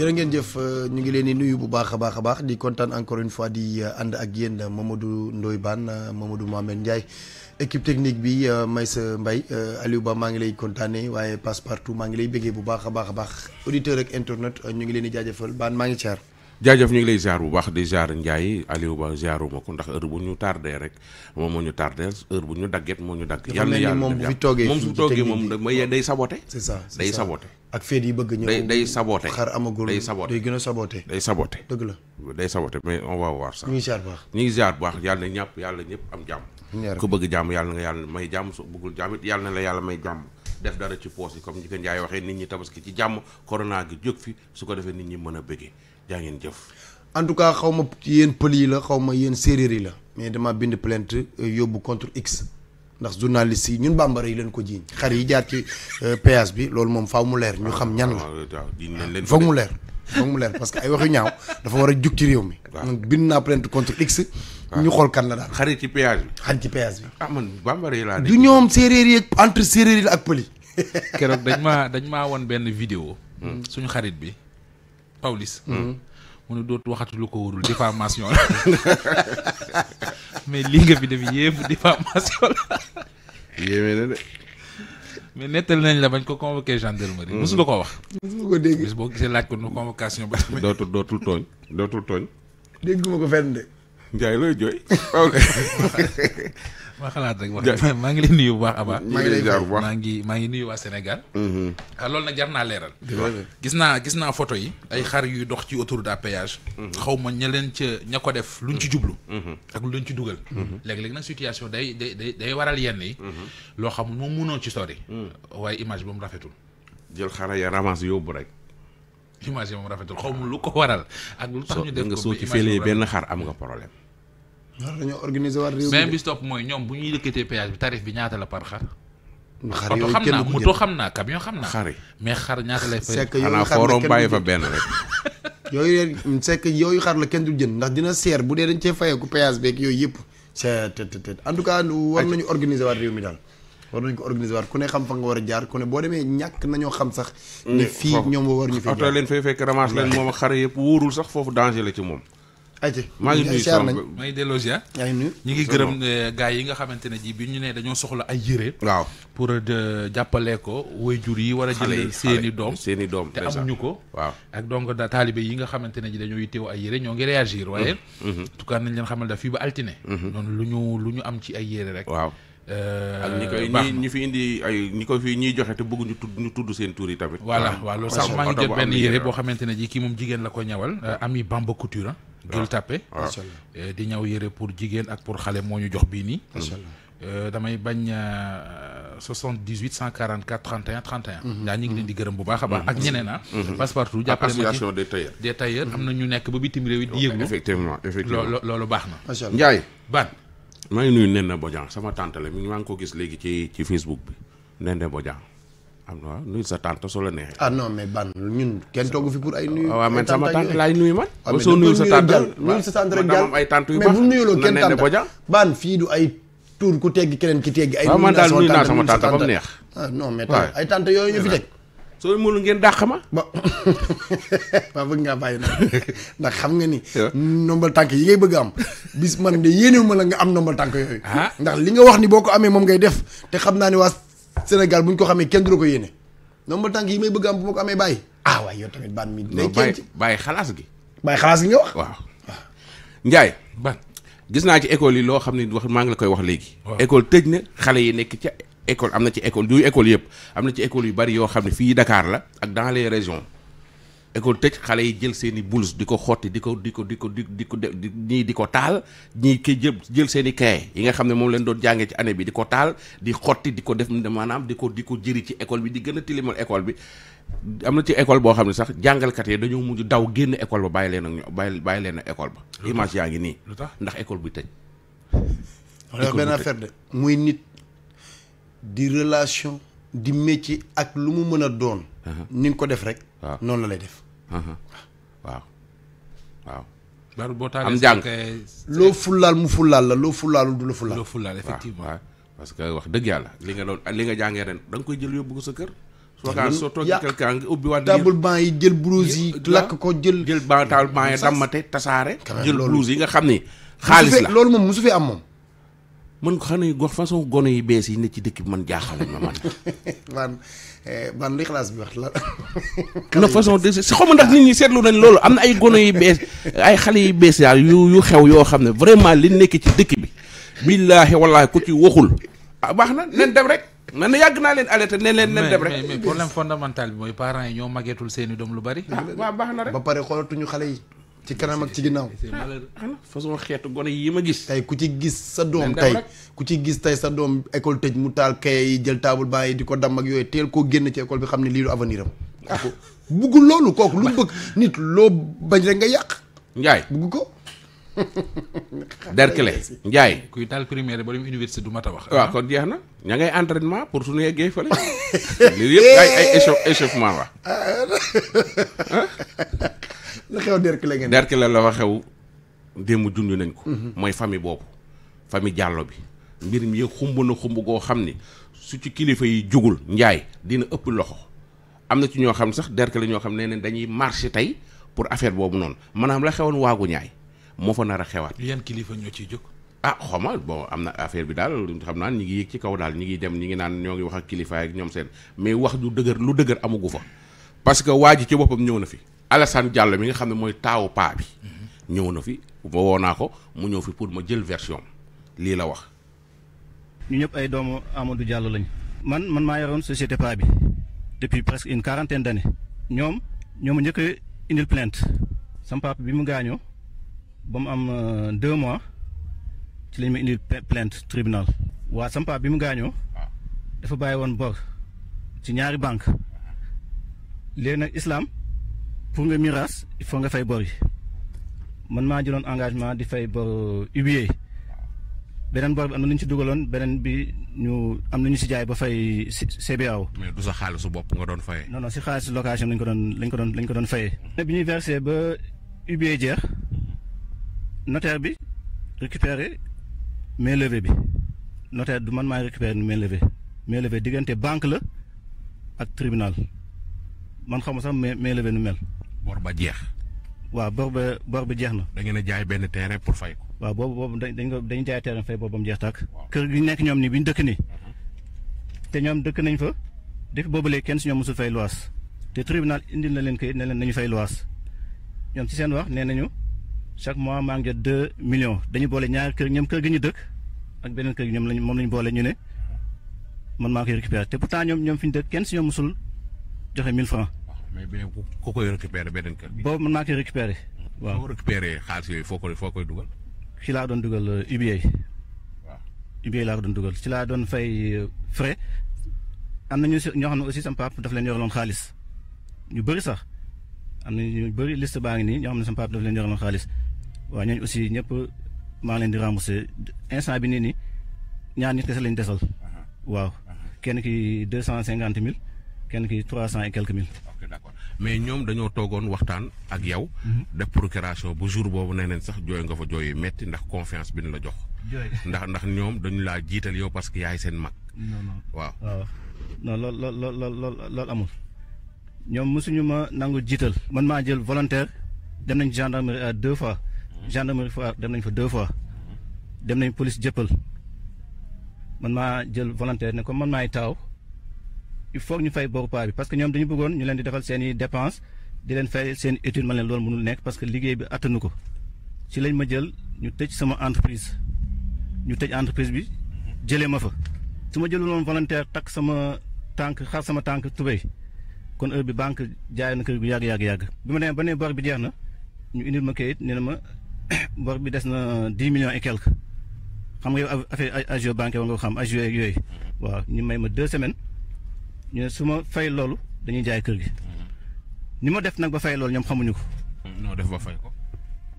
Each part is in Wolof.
jërë ngeen jëf euh, ñu ngi leen di nuyu bu baax a baax a baax di kontaan encore une fois di euh, ànd ak yéen Mamadou Ndoye Bane Mamadou Mohamed Ndiaye équipe technique bi euh, Maysa Mbaye euh, Aliou Ba maa ngi lay kontaane waaye passe partout maa ngi lay bëggee bu baax a baax a baax auditeur ak internet euh, ñu ngi leen di jaajëfal baan maa ngi caar jaajëf ñu ngi lay ziar bu baax di ziar Ndiaye Aliou Ba ziaruma ko ndax heure bu ñu tardé rek moom moo ñu tardé heure bu ñu dagget moo ñu dagg yàlla yàlla moom bu fi toogee moom su toogee moom day saboté c'est ça day ak yi bëgg ñëw day saboté xar amagul day saboté gën a saboté day saboté dëgg la day saboté mais on va voir ça ñu ngi ñu ngi ziar bu baax yàlla ñàpp yàlla ñëpp am jàmm ko bëgg jàmm yàlla nga yàlla may jàmm soo bëggul jàmm it yàlla na la yàlla may jàmm def dara ci poos yi comme ñi ko Njaay waxee nit ñi tabaski ci jàmm corona gi jóg fi su ko defee nit ñi mën a bëggee jaa ngeen jëf en tout cas xaw yéen pël yi la xaw ma yéen séeréer yi la mais dama bind plainte euh, yóbbu contre x ndax journaliste yi ñun bambara yi leen ko jiiñ xar yi jaar ci euh, péage bi loolu moom faaw mu leer ñu xam ñan la ah, foog mu leer foog leer parce que ay wax yu ñaaw dafa war a jug ci réew mi man bind naa plainte contre x ñu xool kan la daal xarit ci péage bi xarit ci péage bi ah, yi laa du ñoom séeréer yi entre séeréer yi ak pël yi keroog dañ maa dañ maa won benn vidéo hmm. suñu xarit bi Pawlish hmm. mu ne dootu waxatu lu ko wóorul diffamation la mais lii nga fi def yépp diffamation la. yéeme na de. mais nettali nañ la bañ ko convoqué gendarmerie. Mm. mosu la ko wax. mosu ko dégg boo gisee laaj ko nu convocation ba tamit. dootul dootul tooñ. dootul tooñ. dégg ma ko fenn de. looy jooy. waa rek wax maa ngi lay nuyu bu baax Aba maa ngi lay jaar bu baax maa ngi maa ngi nuyu waa Sénégal mhm. ah loolu nag jar naa leeral gis naa gis naa photo yi ay xar yuy dox ci autoroute à péage mhm. xaw ma ña leen ca ña ko def luñ ci jublu mhm. ak lu leen ci dugal léeg-léeg nag situation day day day day waral yenn yi loo xamul moom mënoo ci sori waaye image ba mu rafetul jël xara ya ramasse yóbbu rek image yi moom rafetul xaw ma lu ko waral ak lu tax ñu def ko nga soo ci félee benn nga problème war nañoo organiser war réew mi beneen bi si topp mooy ñoom bu ñuy xam naa moto xam naa camion xam mais xar ñaata lay fay. sekk yooyu xar la yooyu sekk yooyu kenn du jënd ndax dina seer bu dee dañ cee fayeeku péage beeg yooyu yëpp. c'est te te en tout cas war nañu organiser waat réew mi daal. war nañ ko organiser ku ne xam fa nga war a jaar ku ne boo demee ñàkk nañoo xam sax. Mm. ni fii ñoom war ñu fi jaar fekk ramasse xar yëpp wóorul sax foofu danger la ci moom aji maa ngi nuyu sama maa ngi delloo ziar yaa ngi nuyu ñu ngi gërëm eh, gars yi nga xamante ne ji bi ñu nee dañoo soxla ay yére waaw pour eh, jàppale ko waajur yi war a jëlee seen doom seen i doom te amuñu ko waaw ak donc da taalibe yi nga xamante ne ji dañoo yitteewu ay yére ñoo ngi réagir waaye mm-hmm. Mm-hmm. en tout cas nañ leen xamal da fii ba altine mm-hmm. noonu lu ñu lu ñu am ci ay yére rek waaw eh, ak ñi koy fi indi ay ñi ko fi ñuy joxe te bëgg ñu tudd ñu tudd seen tur yi tamit voilà waaw loolu sax maa ngi jot benn yére boo xamante ne ji kii moom jigéen la ko ñawal ah. ami Bamba Couture Gueule Tapée ah. ah. eh, di ñaw yëre pour jigéen ak pour xale moo ñu jox bii nii eh, damay bañ 78 144 31 31. ñaa ñu ngi leen di gërëm bu baax a baax. Mhm. ak ñeneen ah. Mhm. Mhm. Passepartout jàppale ma ci association des am na ñu nekk ba bitim réew it di yëglu. loolu baax na. macha allah Ndiaye. Ban. maa ngi nuyu Nene Bodian sama tante la mi maa ngi ko gis léegi ci ci Facebook bi Nene Bodian. am na waaw nuyu sa tante soo la neexee. ah non mais ban ñun kenn toogu fi pour ay nuyu. Ah, waaw man sama tante laay nuyu man. Ah, waaw mais nuyu sa tante nuyu sa tante rek jàll mais ba mu neex. Ah, ay tante yooyu ñu fi teg. soo mënul ngeen dàq ma. ba waaw bëgg ngaa bàyyi nag ndax xam nga ni. nombal tànk yi ngay bëgg am. bis man de yéenewu ma la nga am nombal tànk yooyu. ndax li nga wax ni boo ko amee moom ngay def te xam naa ne waa Sénégal buñ ko xamee kenn du la ko yéene. nombre tànk yi may bëgg am bu ma ko amee bàyyi. ah waaye yow tamit ban mi. day kenn ci bàyyi xalaas gi. bàyyi xalaas gi nga wax. waaw ah. Ndiaye. ban gis naa ci école yi loo xam ne wax maa ngi la koy wax léegi. école tëj na xale yi nekk ca école am na ci école du école yëpp am na ci école yu bari yoo xam ne fii dakaar la ak dans les région école tëj xale yi jël seen i blouse di ko xotti di ko di ko di ko di di ko ñii di ko taal ñii kii jël jël seen i kaye yi nga xam ne moom leen doon jàngee ci année bi di ko taal di xotti di ko def maanaam di ko di ko jëri ci école bi di gën a tilimal école bi am na ci école boo xam ne sax jàngalkat yi dañoo mujj daw génn école ba bàyyi leen ak ñoo bàyyi bàyyi leen ak école ba image yaa ngi nii lu tax ndax école bi tëj benn muy nit di relation di métier ak lu mu mën a doon. Uh-huh. ni nga ko def rek. noonu la lay def. Uh-huh. waaw waaw. loolu boo taalee am jàng loo fullaal mu fullaal la loo fullaalul du la fullaal. loo fullaal effectivement parce que wax dëgg yàlla li nga doon li nga jàngee ren danga nga koy jël yóbbu ko sa kër. soo kaa soo toogee quelqu'un nga ubbi waat table yi jël blouse yi lakk ko jël. jël banc baa ngi yi tasaare. jël blouse yi nga xam ni. xaalis la loolu moom mosu fi am moom. man xam ne gox façon gone yi bees yi nit ci dëkk bi man jaaxal ma man. man eh, man luy xalaas bi wax la. na façon de si xaw ma ndax nit ñi seetlu nañ loolu am na ay gone yu bees ay xale yu bees daal yu yu xew yoo xam ne vraiment li nekk ci dëkk bi. billaahi wallaahi ku ci waxul. ah baax na nen dem rek. man yàgg naa leen alerté ne leen leen dem rek. mais problème fondamental bi mooy parents yi ñoo màggeetul seeni doom lu bari. ah baax na rek. ba pare xoolatuñu xale yi. ci kanam ak ci ginnaaw. Ah, ah. façon xeetu gone yi ma gis. tey ku ci gis sa doom tey ku ci gis tey sa doom école tëj mu taal kaye yi jël table bàyyi di ko damm ak yooyu teel koo génn ci école bi xam ne lii du avenir am. Ah. buggul loolu kooku lu mu bëgg nit loo bañ rek nga yàq. njaay bugg ko. Derkele Ndiaye. kuy taal primaire ba dem université du mat a wax. waaw ah. jeex na ña ngay entraînement pour su ñu yeggee fële. lii yëpp ay ay échauffement la. Ah, ah. la xew Derkele ngeen. la fa xew démb junj nañ ko. Mhm. mooy famille boobu famille jàllo bi. mbir mi yëpp xumb na xumb goo xam ni su ci kilifa yi jugul Ndiaye dina ëpp loxo am na ci ñoo xam sax Derkele ñoo xam ne dañuy marché tey pour affaire boobu noonu maanaam la xewoon waagu ñaay. moo fa nar a xewaat. yan kilifa ñoo ciy jóg. ah xaw ma bon am na affaire bi daal xam naan ñi ngi yéeg ci kaw daal ñi ngi dem ñi ngi naan ñoo ngi wax ak kilifaay ak ñoom seen mais wax ju dëgër lu dëgër amugu fa parce que waa ji ci boppam ñëw na fi Alassane jàll mi nga xam ne mooy taawu paa bi mhm. ñëw na fi ma woo naa ko mu ñëw fi pour ma jël version lii la wax ñëpp ay doomu Amadou Diallo lañ man man maa yoroon société paa bi depuis presque une quarantaine d'années ñoom ñoom njëkk indil plainte sam papa bi mu gaañoo ba mu am euh, deux mois ci lañ ma indi plainte tribunal. waa sampa bi mu gaañoo. dafa bàyyi woon bor ci ñaari banque léegi nag islaam pour nga miraas il faut nga fay bor yi man maa jëloon engagement di fay bor euh, huilier beneen bor bi am na ñu ci dugaloon beneen bi ñu am na ñu si jaay ba fay CBAO. mais du sa xaalisu bopp nga doon fayee. non non si xaalisu location lañ ko doon lañ ko doon lañ ko doon fayee. bi ñuy versé ba huilier jeex. notaire bi récupérer leve bi notaire du man maay récupérer mainlevée mainlevée diggante banque la ak tribunal man xamu sax leve nu mel. bor ba jeex. waaw bor ba bor bi jeex na. da ngeen a jaay benn terrain pour fay ko. waaw boobu boobu dañ dañ dañu jaay terrain fay boobu ba mu jeex tàkk. kër gi nekk ñoom ni bi ñu dëkk ni mhm. te ñoom dëkk nañ fa. def boobu léegi kenn si ñoom mosul fay luwaas. te tribunal indi la leen kayit ne leen nañu fay luwaas ñoom ci seen wax nee nañu. chaque mois maa ngi jot deux millions dañu boole ñaari kër ñoom kër gi ñu dëkk ak beneen kër gi ñoom lañ moom lañ boole ñu ne man maa koy récupéré te pourtant ñoom ñoom fi ñu dëkk kenn si ñoom musul joxe mille francs. Ah, mais beneen ku koy récupéré beneen kër gi. boobu man maa koy récupéré. Hmm. waaw boo récupéré xaalis yooyu foo koy foo koy dugal. ci laa doon dugal UBA. Euh, waaw UBA laa ko doon dugal ci laa doon fay euh, frais. am na ñu si ñoo xam ne aussi sama papa daf leen yoraloon xaalis ñu bëri sax am na ñu bëri liste baa ngi nii ñoo xam ne sama papa daf leen yoraloon xaalis. waaw ñooñu aussi ñëpp maa ngi leen di remboursé instant bi nii nii ñaar nit kese lañ desal. Uh-huh. waaw uh-huh. kenn ki deux cent cinquante mille kenn ki trois cent et quelques mille. mais ñoom dañoo toogoon waxtaan ak yow. Mm-hmm. def procuration bu jour boobu nee nañ sax jooy nga fa jooy metti ndax confiance bi nu la jox. ndax ndax ñoom dañu laa jiital yow parce que yaay seen mag. non non waaw. waaw non lool lool lool lool amul. ñoom mosuñu ma nangu jiital. man maa jël volontaire dem nañ gendarmerie deux fois. gendarmerie fois dem nañ fa deux jëppal man maa jël volontaire ne ko man maay taaw il faut ñu fay booru bi parce que ñoom dañu bëggoon ñu leen di defal seeni i di leen fay seen étude man leen loolu mënul nekk parce que liggéey bi attanu ko ci lañ ma jël ñu tëj sama entreprise ñu tëj entreprise bi jëlee ma fa su ma jëlul woon volontaire takk sama tànk xar sama tànk tubéy kon heure bi banque jaay na kër gu yàgg yàgg yàgg bi ma demee ba ne bor bor bi des na dix millions et quelques xam nga yow affaire agio banque wa nga xam agio yooyu mm-hmm. waaw ñu may ma deux semaine ñu ne su ma fay loolu dañuy jaay kër gi mm-hmm. ni ma def nag ba fay loolu ñoom xamuñu ko. Mm-hmm. noo def ba fay ko.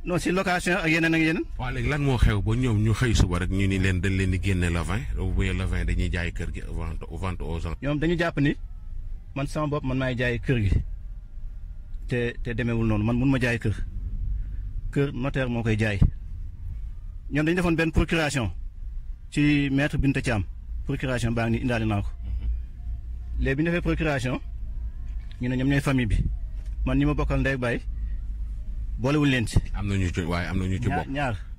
non si location ak yeneen ak yeneen. waaw léegi lan moo xew ba ñoom ñu xëy suba rek ñu ni leen dañ leen di génne le vingt au moins le vingt dañuy jaay kër gi vente vente aux gens. ñoom dañu jàpp ni man sama bopp man maay jaay kër gi te te demeewul noonu man mun ma jaay kër. que notaire moo koy jaay ñoom dañu defoon benn procuration ci maître Binta Thiam procuration baa ngi ni indaale naa ko léegi bi ñu defee procuration ñu ne ñoom ñooy famille bi man ñi ma bokkal ndey baay boolewul leen ci. am na ñu ci waaye am na ñu ci bokk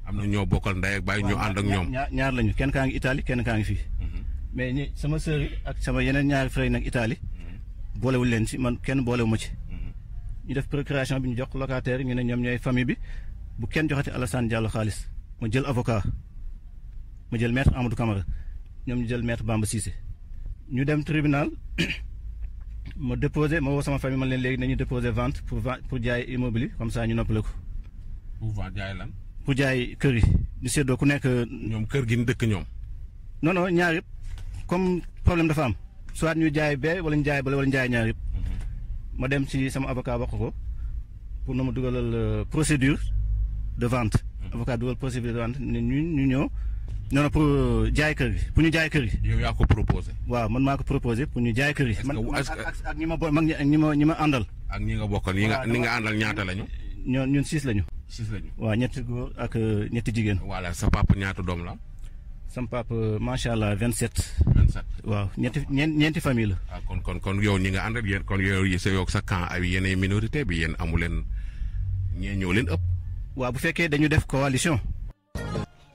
am na ñoo bokkal ndey baay ñu ànd ak ñoom. ñaar lañu kenn kaa ngi Italie kenn kaa ngi fi mhm. mais ñi sama sœur ak sama yeneen ñaari frère yi nag Italie boolewul leen ci man kenn boolewu ma ci. ñu def procuration bi ñu jox locataire ñu ne ñoom ñooy famille bi bu kenn joxati Alassane Diallo xaalis ma jël avocat ma jël maître Amadou Camara ñoom ñu jël maître Bamba Cissé ñu dem tribunal ma déposé ma woo sama famille man leen léegi ñu déposé vente pour pour jaay immobilier comme ça ñu noppale ko. pour jaay lan. pour jaay kër yi ñu seddoo ku nekk. ñoom kër gi ñu dëkk ñoom. non non ñaar yëpp comme problème dafa am soit ñu jaay bee wala ñu jaay bale wala ñu jaay ñaar yëpp. ma dem si sama avocat wax ko pour na ma dugalal euh, procédure de vente. Hmm. avocat dugal procédure de vente ne ñu ñu ñëw. non pour euh, jaay kër gi pour ñu jaay kër gi. yow yaa ko proposé. waaw man maa ko proposé pour ñu jaay kër gi. man ak ñi ma bo mag ñi ma ñi ma àndal. ak ñi nga bokkal ñi nga ñi nga àndal ñaata lañu. ñoo ñun six lañu. six lañu. waaw ñetti góor ak euh, ñetti jigéen. voilà sa papa ñaata doom la sam papa macha allah 27. 27 waaw ñeenti ñeenti famille la. Ah, kon kon kon yow ñi nga ànd ak yéen kon yow sa yow sa camp ay yeneen minorité bi yen amu leen ñee ñoo leen ëpp. waaw bu fekkee dañu def coalition.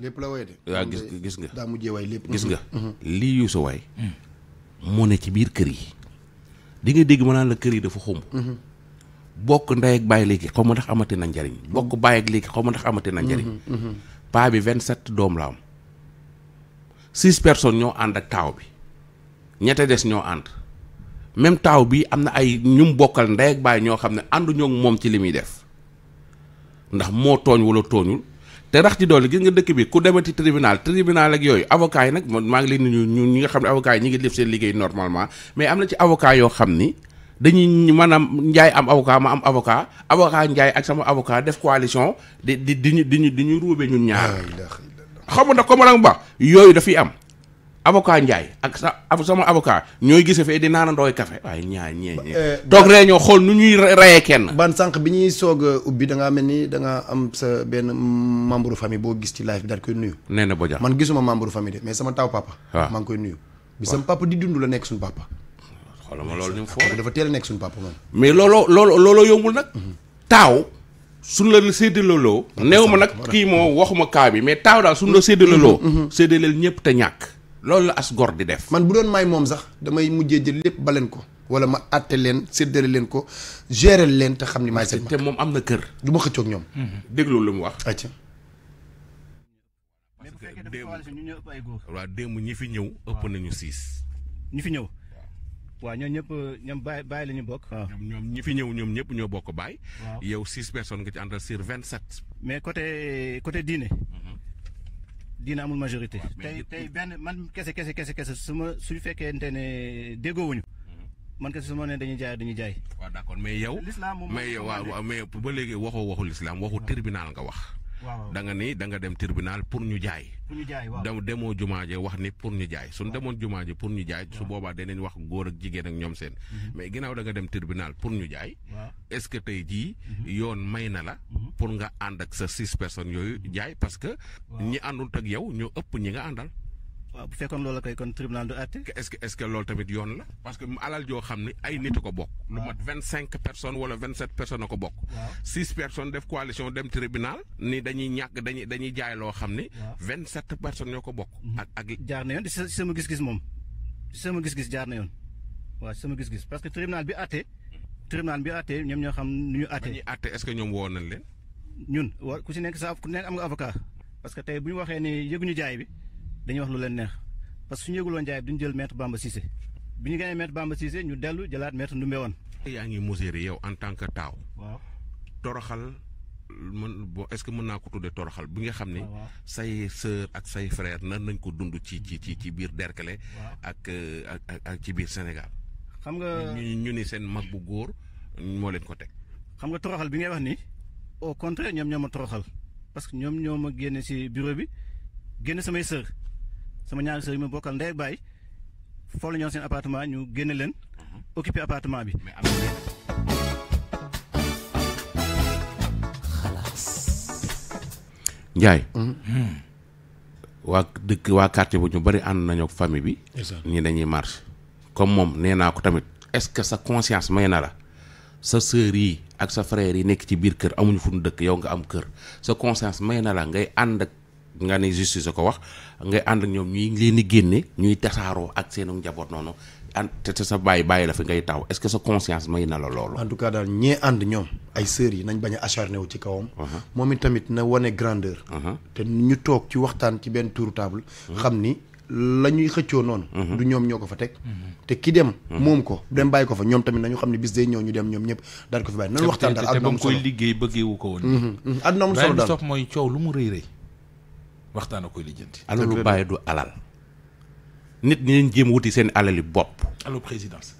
lépp la waay de. gis gis nga daa mujjee waay lépp. gis nga mm-hmm. lii yuusu waay. Mm. moo ne ci biir kër yi. di nga dégg ma naan la kër yi dafa xumb. Mm-hmm. bokk ndey ak bàyyi léegi xaw ma ndax amati na njariñ. Mm-hmm. bokk bàyyi ak léegi xaw ma ndax amati na njariñ. paa bi 27 doom la am. six personne ñoo ànd ak taaw bi ñette des ñoo ànd même taaw bi am na ay ñum bokkal ndey ak baay ñoo xam ne ànduñoo moom ci li muy def ndax moo tooñ wala tooñul te rax ci doole gis nga dëkk bi ku demati tribunal tribunal ak yooyu abokaa yi nag moom maa ngi leen di ñu ñi nga xam ne avocat yi ñu ngi def seen liggéey normalement mais am na ci avocat yoo xam ni dañuy maanaam njaay am avocat ma am avocat avocat njaay ak sama avocat def coalition di di di ñu di di ñu ruube ñun ñaar xamu ndax kombarang ba yooyu dafay am avocat Ndiaye ak sa sama avocat ñooy gis fee di naanandooy café waaye ñaar ñee ñee eh, toog ree ñoo xool nu ñuy re reyee kenn ban sànq bi ñuy soog a ubbi da mel ni da nga am sa benn membre famille boo gis ci live bi daal koy nuyu nee man gisuma membre famille de mais sama taw papa waaw ah. ngi koy nuyu bi sama papa di dund la nekk suñu papa xoolal ma loolu ni foo dafa teel nekk suñu papa mais looloo looloo looloo yombul nag mhm. taaw su suñ la séddalaloo neew ma nag kii moo waxuma kaa bi mais taaw daal suñ la séddalaloo mm-hmm. mm-hmm. séddaleel ñëpp te ñàkk loolu la as gor di def man bu doon may moom sax damay mujjee jël lépp ba leen ko wala ma àtte leen séddale leen ko gérer leen te xam ni maay seen te moom am na kër du ma xëccoog ñoom mm-hmm. déglu la mu wax acca démb waa démb ñi fi ñëw ëpp nañu siis ñi fi ñëw waa ñoom ñëpp ñoom baay baay la ñu bokk. Ah. ñoom ñi fi ñëw ñoom ñëpp ñoo bokk baay. yow six personnes nga ci àndal sur vingt sept. mais côté côté diine. Mm-hmm. diine amul majorité. tey tey benn man kese kese kese kese su ma su fekkente ne déggoowuñu mm-hmm. man kese su ma nee dañu jaay dañu jaay. waaw d'accord mais yow. mais yow waaw mais ba léegi waxoo waxu l'islam waxu ah. tribunal nga wax. da nga ni da nga dem tribunal pour ñu jaay. pour ñu jaay waaw demoo jumaa je wax ni pour ñu jaay. suñ demoon jumaa je pour ñu jaay. su boobaa daneen wax góor ak jigéen ak ñoom seen. Mhm. mais ginnaaw danga dem tribunal pour ñu jaay. est-ce que tey jii. Mhm. yoon may na la. Mhm. pour nga ànd ak sa six personnes yooyu jaay parce que. ñi àndul ak yow ñoo ëpp ñi nga àndal. waaw bu fekkoon loolu la koy kon tribunal du àtte. est-ce que est-ce que loolu tamit yoon la parce que alal joo xam ne ay nit a ko bokk. lu mat vingt cinq personnes wala vingt sept personnes a ko bokk. jaay loo xam ne. vingt sept ko bokk. Mhm. jaar na yoon di sama gis-gis moom di sama gis-gis jaar na yoon waa sama gis-gis parce que tribunal bi àtte. tribunal bi àtte ñoom ñoo xam nu ñu àtte. àtte est que ñoom woo nañ leen. ñun wa ku si nekk sa ku nekk am nga avocat. parce que tey bu ñu waxee ni yëguñu jaay bi. dañuy wax lu leen neex parce que suñu yëguloon Ndiaye duñu jël maître Bamba Cissé bi ñu gañee maître Bamba Cissé ñu dellu jëlaat maître Ndoumbé woon. yaa ngi mesurer yow en tant que taaw. waaw toroxal mën bon est-ce que mën naa ko tuddee toroxal bi nga xam ne. say sœur ak say nan nañ ko dund ci ci ci ci biir Derklé. Euh, ak ak ak ci biir Sénégal. xam nga ñu ni seen mag bu góor moo leen ko teg. xam nga toroxal bi ngay wax ni o contre ñoom ñoom ma toroxal parce que ñoom ñoo ma génne si bureau bi génne samay sœur. sama ñaan sœur yi ma bokkal ndey ak baay foofu la ñoo seen appartement ñu génne leen mhm. occupé appartement bi. Njaay. Mhm. Hmm. waa dëkk waa quartier bu ñu bari ànd nañu ak famille bi. nii nañuy marche. comme moom nee naa ko tamit est-ce que sa conscience may na la sa sœur yi ak sa frère yi nekk ci biir kër amuñu fu ñu dëkk yow nga am kër sa conscience may na la ngay ànd nga ne justice ko wax ngay ànd ak ñoom ñuy leen di génne ñuy tasaaroo ak seenu njaboot noonu ànd te sa baay baay la fi ngay taw est que sa conscience may na la loolu. en tout cas daal ñee ànd ñoom ay sœurs yi nañ bañ a wu ci kawam. Uh-huh. moom it tamit na wane grandeur. Uh-huh. te ñu toog ci waxtaan ci benn tour table. Uh-huh. xam ni la ñuy xëccoo noonu. du ñoom ñoo ko fa teg. te ki dem. moom ko dem bàyyi ko fa ñoom tamit nañu xam ne bis day ñëw ñu dem ñoom ñëpp daal ko fi bàyyi. nan waxtaan daal àdduna am solo te ko woon. àdduna mm-hmm. mm-hmm. am mooy coow lu mu rëy rëy waxtaan a koy lijjanti. alalu bàyyi du alal. nit ñi leen jéem wuti seen alali bopp. alal présidence.